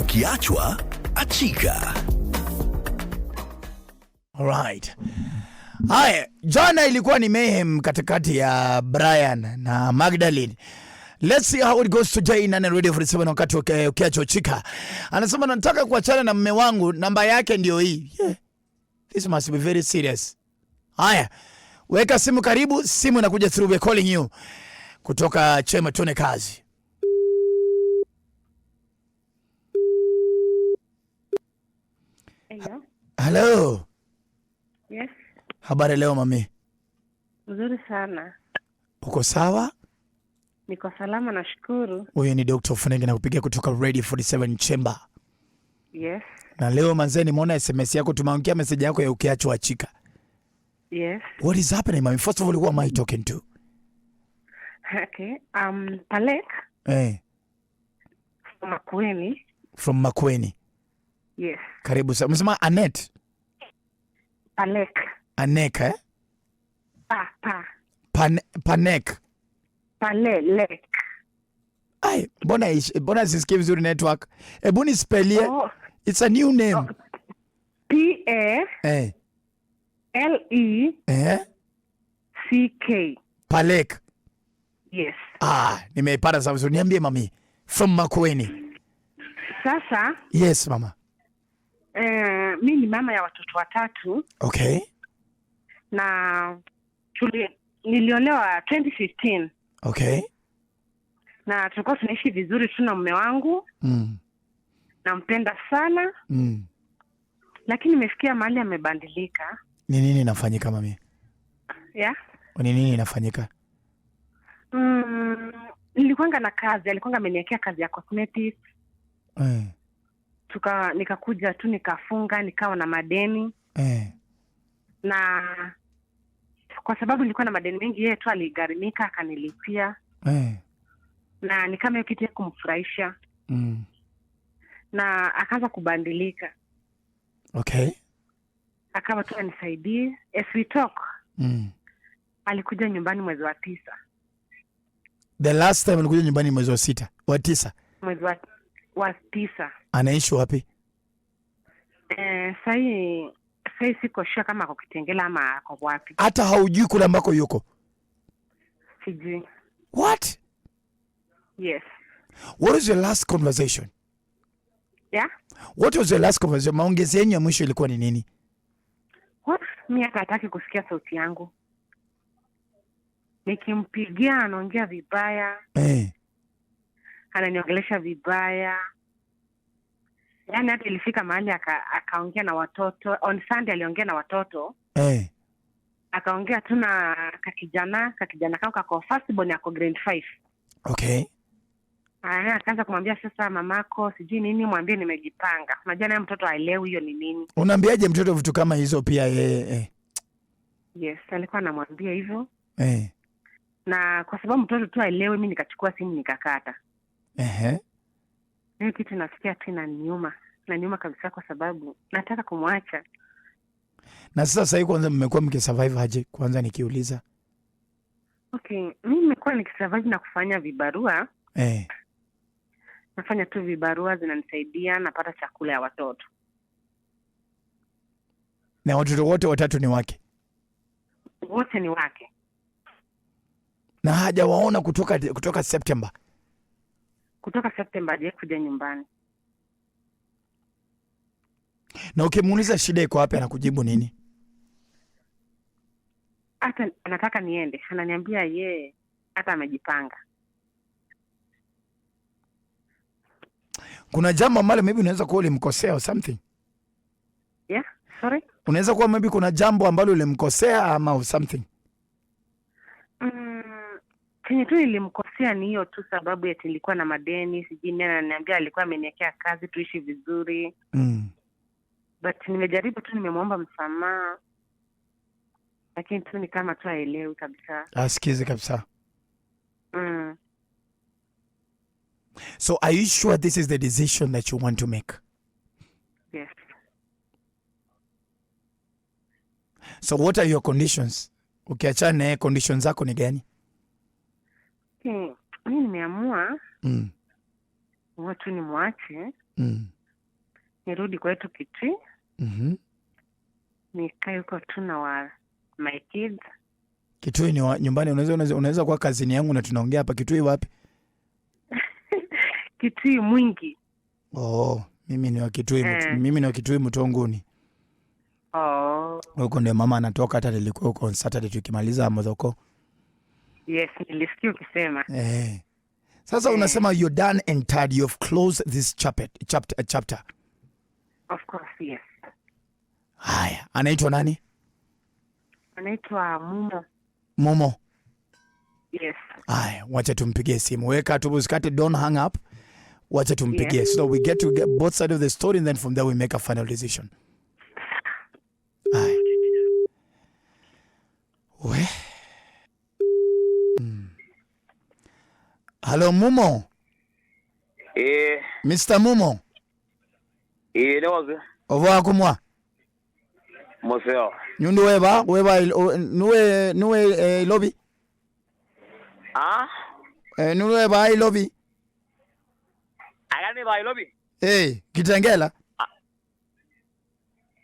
ukiachwa achika. Alright. Haya, jana ilikuwa ni mayhem katikati ya Brian na Magdalene. Let's see how it goes today. in Nane Radio 47 wakati ukiachwa chika. Anasema nataka kuachana na mme wangu, namba yake ndio hii. Yeah. This must be very serious. Haya. Weka simu karibu, simu inakuja through, we calling you. Kutoka Chema Tone kazi. Hello. Yes. Habari leo mami? Mzuri sana. Uko sawa? Niko salama nashukuru. Huyu ni Dr. Funenge na kupiga kutoka Radio 47 Chamber. Yes. Na leo manzee nimeona SMS yako tumeongea message yako ya ukiachwa achika. Yes. What is happening mami? First of all, who am I talking to? Okay. Um, Palek. Eh. Hey. From Makueni. From Makueni. Yes. Karibu sana. Unasema Anet? Panek. Anek eh? Pa, pa. Pan, panek. Panelek. Ai, mbona mbona sisikii vizuri network. Hebu nispelie. Oh. It's a new name. P A eh. L E eh. C K. Palek. Yes. Ah, nimeipata sawa. Niambie mami from Makueni. Sasa? Yes, mama. Eh, mi ni mama ya watoto watatu. Okay. Na tuli, niliolewa 2015. Okay. Na tulikuwa tunaishi vizuri tu na mume wangu mm. Nampenda sana mm. Lakini imefikia mahali amebandilika Ni nini inafanyika mami? Yeah. Ni nini inafanyika? Mm, nilikwanga na kazi, alikwanga ameniekea kazi ya cosmetics. Mm tuka nikakuja tu nikafunga nikawa na madeni eh. na kwa sababu nilikuwa na madeni mengi, yeye tu aligharimika akanilipia eh. na ni kama kitu ya kumfurahisha mm. na akaanza kubandilika okay, akawa tu anisaidie talk mm. alikuja nyumbani mwezi wa tisa. The last time alikuja nyumbani mwezi wa sita wa tisa mwezi wa wa tisa. Anaishi wapi? Eh, sai sai siko sure kama ako Kitengela ama ako wapi. Hata haujui kule ambako yuko? Sijui. What? Yes. What is your last conversation? Yeah. What was your last conversation? Maongezi yenyu ya mwisho ilikuwa ni nini? What? Mimi hata hataki kusikia sauti yangu. Nikimpigia anaongea vibaya. Eh ananiongelesha vibaya. Yani hata ilifika mahali akaongea aka na watoto on Sunday, aliongea na watoto hey. Eh. Akaongea tu na kakijana kakijana kao kako first born ako grade five. Okay. akaanza kumwambia sasa, mamako sijui nini, mwambie nimejipanga. Unajua naye mtoto aelewi hiyo ni nini. Unaambiaje mtoto vitu kama hizo? Pia yeye eh, eh. Yes, alikuwa anamwambia hivyo hey. Eh. Na kwa sababu mtoto tu aelewi, mi nikachukua simu nikakata Ehe. Hii kitu nafikia tu na nyuma kabisa, kwa sababu nataka kumwacha. Na sasa sahii, kwanza mmekuwa mkisurvive aje? Kwanza nikiuliza. Okay, mi nimekuwa nikisurvive na kufanya vibarua eh. Nafanya tu vibarua zinanisaidia, napata chakula ya watoto. Na watoto wote watatu ni wake? Wote ni wake, na hajawaona kutoka kutoka Septemba kutoka Septemba kuja nyumbani. Na ukimuuliza shida iko wapi, anakujibu nini? Hata anataka niende, ananiambia yeye hata amejipanga. Kuna jambo ambalo maybe unaweza kuwa ulimkosea or something. Yeah, sorry. Unaweza kuwa maybe kuna jambo ambalo ulimkosea ama or something kenye tu ilimkosea ni hiyo tu sababu ya tilikuwa na madeni, sijui nani ananiambia alikuwa amenekea kazi tuishi vizuri mm. But nimejaribu tu, nimemwomba msamaha, lakini tu ni kama tu aelewi kabisa, asikizi kabisa mm. So are you sure this is the decision that you want to make? Yes. So what are your conditions? Ukiachana naye conditions zako ni gani? mi yaani nimeamua mm. watu ni mwache mm. nirudi kwetu Kitui mm-hmm. nikae huko tu na wa my kids. Kitui ni wa, nyumbani. Unaweza kuwa kazini yangu na tunaongea hapa. Kitui wapi? Kitui mwingi. Oh, mimi ni wa Kitui eh. mimi ni wa Kitui Mtonguni. Oh. ndio mama anatoka, hata nilikuwa huko on Saturday tukimaliza Modhoko Yes, nilisikia ukisema eh. Sasa eh. unasema you're done and tired, you've closed this chapter, chapter, uh, chapter. Of course, yes. Haya, anaitwa nani? Anaitwa Mumo. Mumo. Yes. Haya, wacha tumpigie simu. Weka tu usikate, don't hang up. Wacha tumpigie. Yes. So we get to get both sides of the story and then from there we make a final decision. Haya. Wewe. Halo momo Eh. Mr. momo Eh, ne wazi. Ova kumwa. Moseo. Nyundu weba, weba nuwe nuwe eh, lobby. Ah? Eh, nuwe weba lobby. Agani ba lobby. Eh, kitengela.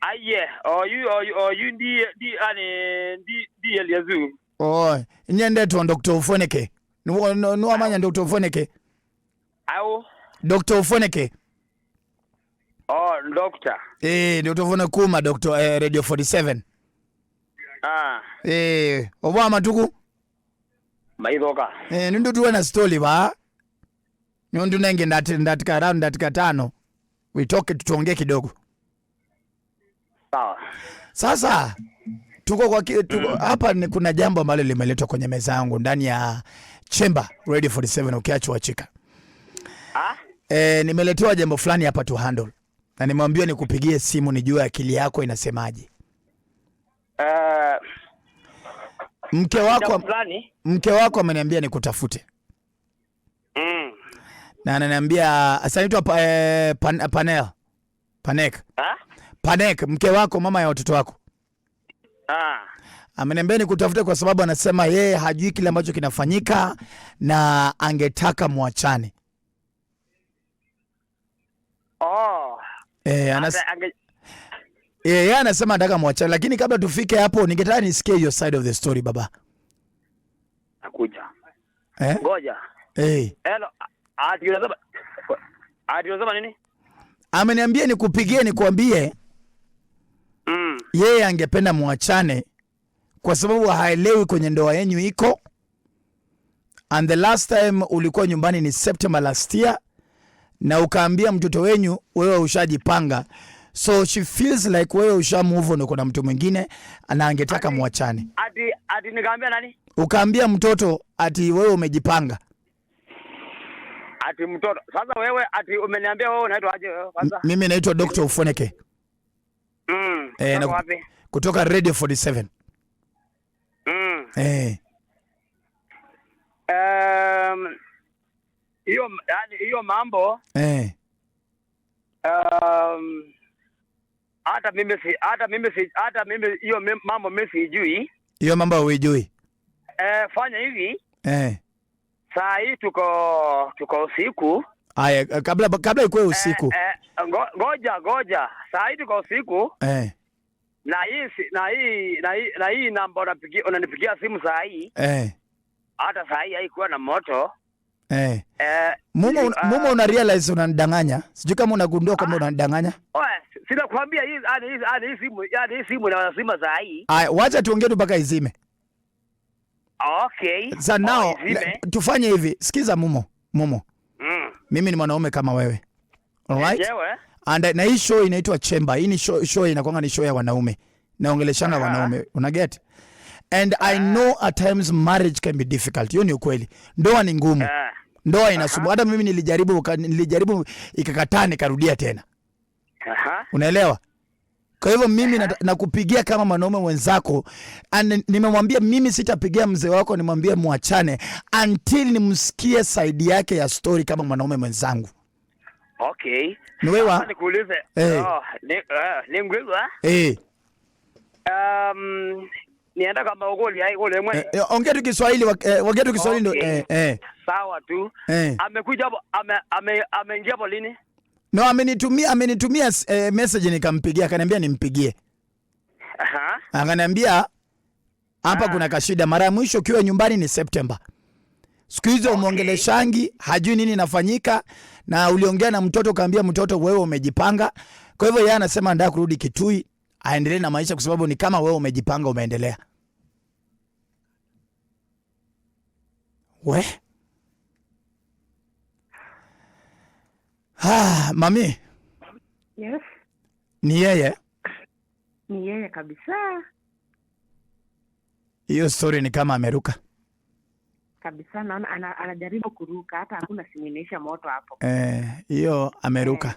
Aye, oyu oyu oyu ndi ndi ani ndi ndi eliazu. Oh, nyende tuondokto ufoneke niwamanya Dr. Ufoneke au Dr. Ufoneke Oh, doctor. Eh, Dr. kuma Dr. eh, Radio 47. Ah. Eh, oba matuku maithoka eh, nindu tuwe na stoli ba nindu nenge ndati ndatika ndati ndatika tano we talk tuongee kidogo sawa. Sasa tuko kwa ki, mm. Hapa kuna jambo ambalo limeletwa kwenye meza yangu ndani ya Chemba Radio 47 ukiachwa chika. Ah? Eh, nimeletewa jambo fulani hapa tu handle. Na nimeambiwa nikupigie simu nijue akili yako inasemaje. Uh, mke wako mke wako ameniambia nikutafute. Mm. Na ananiambia asanaitwa pa, eh, pan, panel. Panek. Ah? Panek, mke wako mama ya watoto wako. Ah ameniambia nikutafute kwa sababu anasema yeye hajui kile ambacho kinafanyika na angetaka mwachane. Oh. Eh, anas... ange... e, yeye anasema anataka mwachane, lakini kabla tufike hapo ningetaka nisikie your side of the story baba. Nakuja. Eh? Ngoja. Eh. Hello. Ati unasema Ati unasema nini? Ameniambia nikupigie nikwambie. Mm. Yeye angependa mwachane kwa sababu haelewi kwenye ndoa yenyu iko. And the last time ulikuwa nyumbani ni September last year, na ukaambia mtoto wenyu wewe ushajipanga, so she feels like wewe usha move on, kuna mtu mwingine na angetaka mwachane. Ati ati nikaambia nani? Ukaambia mtoto ati wewe umejipanga ati mtoto sasa, wewe ati umeniambia wewe unaitwa aje eh, kwanza? Mimi naitwa Dr. Ufoneke. Mm, eh, na, kutoka Radio 47 mm. Eh. Um, hiyo yani hiyo mambo eh. Um, hata mimi si hata mimi si hata mimi hiyo mambo mimi sijui. Hiyo mambo huijui? Eh, fanya hivi. Eh. Saa hii tuko tuko usiku. Aya, kabla kabla ikuwe eh, usiku. Eh, eh, ngoja ngoja. Saa hii tuko usiku. Eh na hii na hii na hii na hii namba unapigia unanipigia simu saa hii eh, hata saa hii haikuwa na moto eh. Eh, mumo uh, mumo una realize unanidanganya, sijui kama unagundua kwamba ah. unanidanganya. Oe, sina kuambia hii, ani ah, hii ani hii simu yani hii simu inawazima saa hii. Haya, wacha tuongee tu mpaka izime. Okay. Sasa oh, nao tufanye hivi, sikiza mumo mumo, mm. mimi ni mwanaume kama wewe, alright? Ejewe. And, na hii show inaitwa Chemba. Hii ni show, show inakuwa ni show ya wanaume. Naongeleshana wanaume. Una get? And yeah. I know at times marriage can be difficult. Hiyo ni ukweli. Ndoa ni ngumu. Yeah. Ndoa inasumbua. Hata mimi nilijaribu nilijaribu ikakataa nikarudia tena. Aha. Unaelewa? Kwa hivyo mimi nakupigia na kama mwanaume mwenzako, nimemwambia mimi sitapigia mzee wako, nimwambie mwachane until nimsikie side yake ya story kama mwanaume mwenzangu. Okay. Mlewa. Nikuulize. Hey. Eh. Oh, ni, uh, ni mgwigwa. Hey. Eh? Um, nienda kama ukoli hai kule mwe. Eh, ongea tu Kiswahili, ongea tu Kiswahili ndio. Eh, eh. Sawa tu. Hey. Amekuja hapo ame ameingia hapo lini? No, amenitumia amenitumia eh, message nikampigia, akaniambia nimpigie. Aha. Akaniambia hapa ah. kuna kashida, mara ya mwisho ukiwa nyumbani ni September. Siku hizi umeongeleshangi, hajui nini inafanyika, na uliongea na mtoto ukaambia mtoto wewe umejipanga. Kwa hivyo yeye anasema anataka kurudi Kitui aendelee na maisha, kwa sababu ni kama wewe umejipanga, umeendelea we Ah, mami. Yes. Ni yeye. Ni yeye kabisa. Hiyo story ni kama ameruka kabisa, naona ana, anajaribu kuruka, hata hakuna simuinaisha moto hapo eh, hiyo eh, ameruka eh,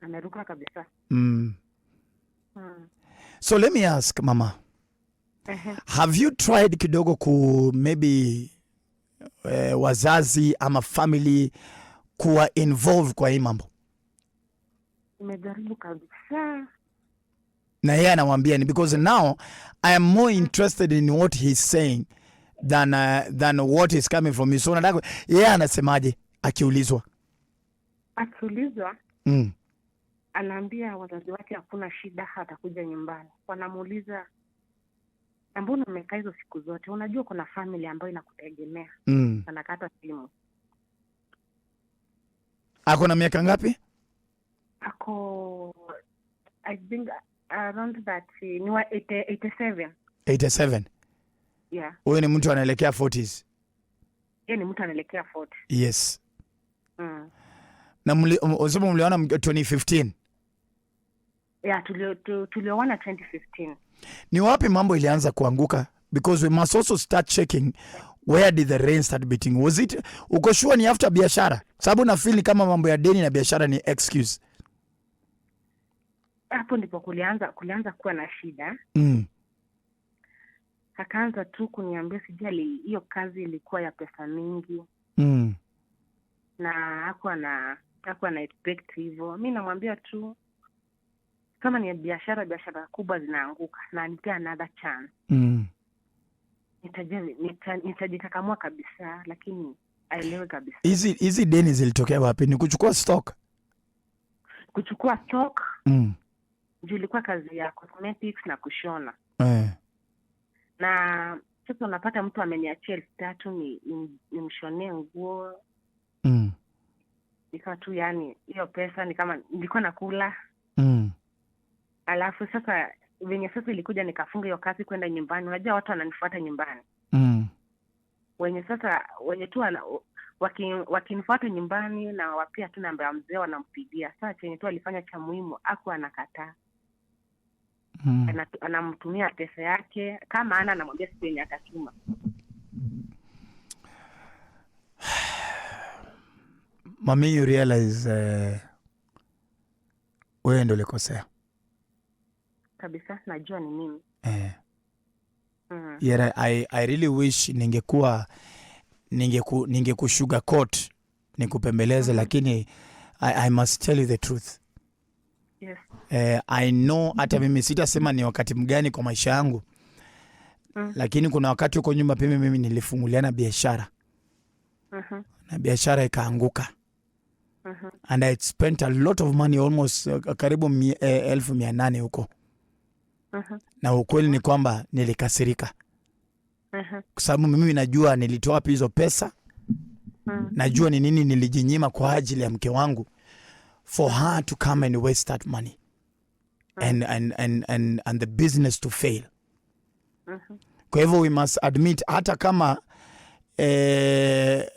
ameruka kabisa mm. Hmm. So let me ask mama uh -huh. Have you tried kidogo ku maybe eh, wazazi ama family kuwa involve kwa hii mambo? imejaribu kabisa na yeye anamwambia ni because now I am more hmm. interested in what he's saying than, uh, than what is coming from you. So nataka yeye yeah, anasemaje akiulizwa? Akiulizwa mm. Anaambia wazazi wake hakuna shida, hatakuja nyumbani. Wanamuuliza na mbona umekaa hizo siku zote? Unajua kuna family ambayo inakutegemea mm. Anakata simu. Ako na miaka ngapi? Ako I think around that eh, ni wa 87. 87. Yeah. Huyu ni mtu anaelekea 40s. Yeye ni mtu anaelekea 40. Yes. Mm. Na mlisema um, mliona 2015? Yeah, tulioona 2015. Ni wapi mambo ilianza kuanguka? Because we must also start checking where did the rain start beating? Was it uko sure ni after biashara? Sababu na feel kama mambo ya deni na biashara ni excuse. Hapo ndipo kulianza kulianza kuwa na shida. Mm akaanza tu kuniambia sijali hiyo kazi ilikuwa ya pesa mingi mm. na hakuwa na hakuwa na expect hivyo mi namwambia tu kama ni biashara biashara kubwa zinaanguka na nipea another chance mm. nitajikakamua nita, kabisa lakini aelewe kabisa hizi hizi deni zilitokea wapi ni kuchukua stock kuchukua stock mm. juu ilikuwa kazi ya cosmetics na kushona na sasa unapata mtu ameniachia elfu tatu nimshonee ni, ni nguo mm. nikawa tu yani hiyo pesa ni kama nilikuwa nakula mm. alafu sasa venye sasa ilikuja nikafunga hiyo kazi kwenda nyumbani unajua watu wananifuata nyumbani mm. wenye sasa wenye tu wakinifuata waki nyumbani na wapia tu namba ya mzee wanampigia saa chenye tu alifanya cha muhimu aku anakataa mm. anamtumia pesa yake, kama ana anamwambia siku yenye atatuma. Mami, you realize uh, wewe ndo ulikosea kabisa. Najua ni mimi eh. mm. Yeah, I, I really wish ningekuwa ningekushuga ningeku nikupembeleze, mm -hmm. lakini I, I must tell you the truth yes. Eh, I know hata mimi sitasema ni wakati mgani kwa maisha yangu mm. Lakini kuna wakati huko nyuma pime mimi nilifunguliana biashara mm -hmm. Na biashara ikaanguka uh mm-hmm. -huh. And I spent a lot of money almost uh, karibu mi, eh, elfu mia nane huko uh mm-hmm. -huh. Na ukweli ni kwamba nilikasirika uh mm-hmm. -huh. Kwa sababu mimi najua nilitoa wapi hizo pesa uh mm. -huh. Najua ni nini nilijinyima kwa ajili ya mke wangu for her to come and waste that money mm-hmm. and, and, and, and, and the business to fail mm -hmm. Kwa we must admit hata kama eh,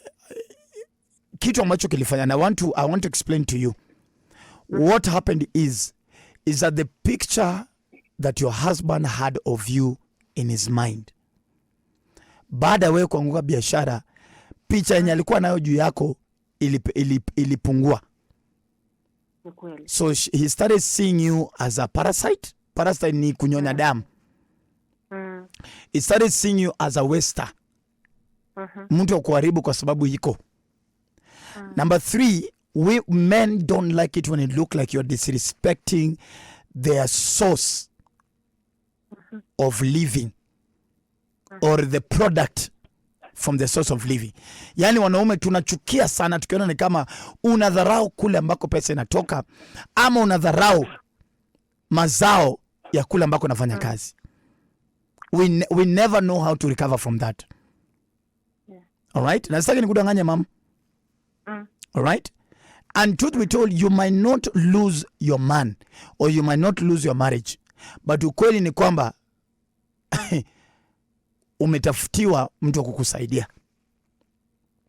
kitu ambacho kilifanya and I want to, I want to explain to you mm -hmm. What happened is is that the picture that your husband had of you in his mind baada ya wewe kuanguka biashara, picha yenye alikuwa nayo juu yako ilip, ilip, ilipungua kweli. So he started seeing you as a parasite. Parasite ni kunyonya mm. damu mm. He started seeing you as a waster mm -hmm. Mtu wa kuharibu kwa sababu iko mm. Number three, we men don't like it when it look like you're disrespecting their source mm -hmm. of living mm -hmm. or the product from the source of living. Yani wanaume tunachukia sana tukiona ni kama unadharau kule ambako pesa inatoka ama unadharau mazao ya kule ambako unafanya kazi. We, ne we never know how to recover from that. right? Na sitaki nikudanganye mama. Mm. right? And truth be told, you might not lose your man or you might not lose your marriage. But ukweli ni kwamba mm. umetafutiwa mtu wa kukusaidia.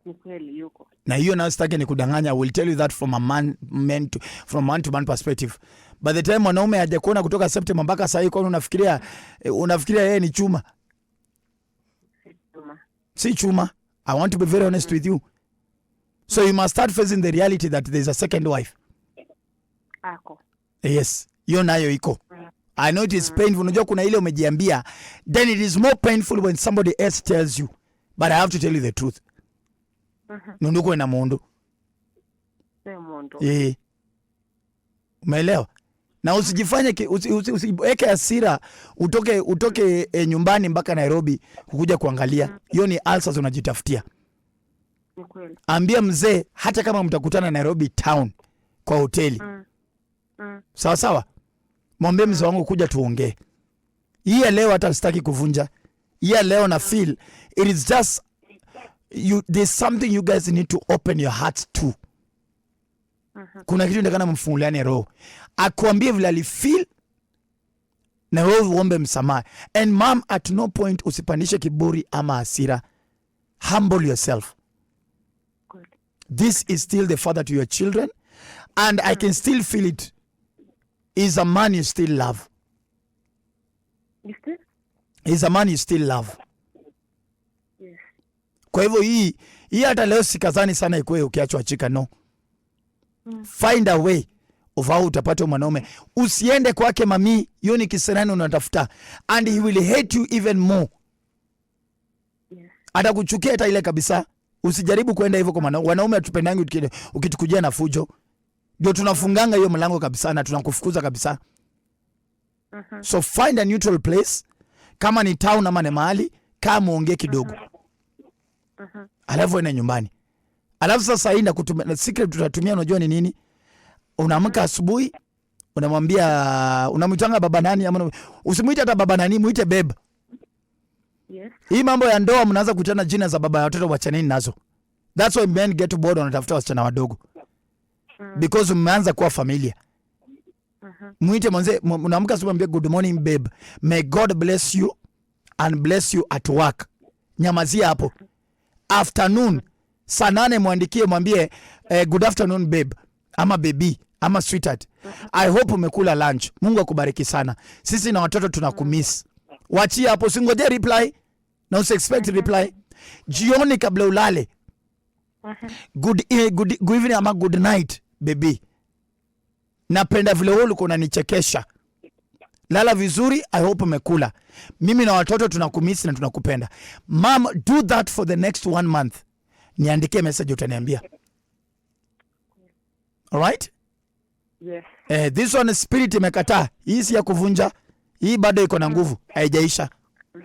Ni kweli yuko. Na hiyo nayo sitaki nikudanganya. I will tell you that from a man, man to, from man to man perspective. By the time mwanaume hajakuona kutoka Septemba mpaka sasa hivi kwani unafikiria eh, unafikiria yeye ni chuma? Si chuma. Si chuma. I want to be very honest with you. So you must start facing the reality that there is a second wife. Ako. Yes. Hiyo nayo iko. I know it is painful. Unajua kuna ile umejiambia, then it is more painful when somebody else tells you, but I have to tell you the truth. Nunduko ina mundu eh, umeelewa? Na usijifanye usiweke hasira utoke, utoke e, nyumbani mpaka Nairobi kukuja kuangalia. Mhm. Hiyo ni ulcers unajitafutia. Ambia mzee, hata kama mtakutana Nairobi town kwa hoteli, mm. Mm. sawa sawa mwambie mzee wangu kuja tuongee. Hii ya leo hata sitaki kuvunja. Hii ya leo na feel it is just you, there's something you guys need to open your hearts to. Uh-huh. Kuna kitu ndakana mfunguliane roho. Akuambie vile alifeel na wewe uombe msamaha. And mom, at no point usipandishe kiburi ama hasira. Humble yourself. This is still the father to your children and I can uh-huh. still feel it. Is a man you still love? Is a man you still love? Yes. Kwa hivyo hii hii hata leo sikazani sana ikwe ukiachwa chika no. Mm. Find a way of how utapata mwanaume. Usiende kwake mami, hiyo ni kisirani unatafuta and he will hate you even more. Yes. Atakuchukia hata ile kabisa. Usijaribu kwenda hivyo kwa wanaume, wanaume atupendangi ukitukujia na fujo ndio tunafunganga hiyo mlango kabisa na tunakufukuza kabisa. uh -huh. So find a neutral place, kama ni town ama ni mahali, kaa muongee kidogo. uh -huh. Uh-huh. Alafu enda nyumbani, alafu sasa hii na secret tutatumia, unajua ni nini? Unaamka asubuhi, unamwambia unamwitanga baba nani, ama usimwite hata baba nani, muite babe. Yes. Hii mambo ya ndoa mnaanza kutana jina za baba ya watoto, wachaneni nazo. That's why men get bored, wanatafuta wasichana wadogo mm. because mmeanza kuwa familia. mm -hmm. Mwite mwanze, unaamka asubuhi, mwambie good morning babe, may God bless you and bless you at work. Nyamazia hapo. Afternoon saa nane mwandikie, mwambie eh, good afternoon babe ama baby ama sweetheart, I hope umekula lunch. Mungu akubariki sana, sisi na watoto tunakumiss. Wachia hapo, usingojee reply na expect mm-hmm. reply. Jioni kabla ulale, mm-hmm. good, eh, good, good evening ama good night Bebi, napenda vile wewe ulikuwa unanichekesha. Lala vizuri, I hope umekula. Mimi na watoto tunakumisi na tunakupenda. Mom, do that for the next one month. Niandikie message utaniambia. All right? Yes. Eh, this one spirit imekataa. Hii si ya kuvunja. Hii bado iko na nguvu, haijaisha. Mm.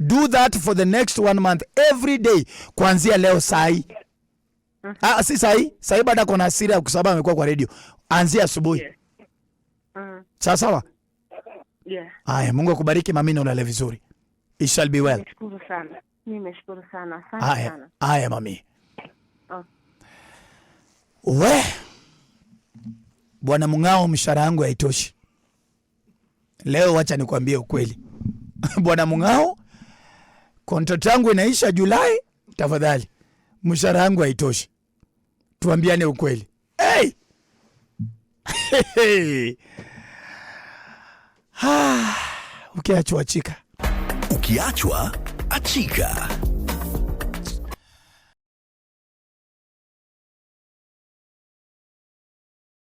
Do that for the next one month every day kuanzia leo saa hii. Mhm. Ah, si sahi. Sahi baada kuna hasira kwa sababu amekuwa kwa radio. Anzia asubuhi. Yeah. Mm. Sawa sawa. Yeah. Haya, Mungu akubariki mami na ulale vizuri. It shall be well. Nashukuru sana. Mimi sana. Asante sana. Haya mami. Oh. We. Bwana Mung'ao, mshahara yangu haitoshi. Leo wacha nikwambie ukweli. Bwana Mung'ao, kontrati yangu inaisha Julai, tafadhali mshahara yangu haitoshi tuambiane ukweli. Hey! Ah, ukiachwa achika, ukiachwa achika.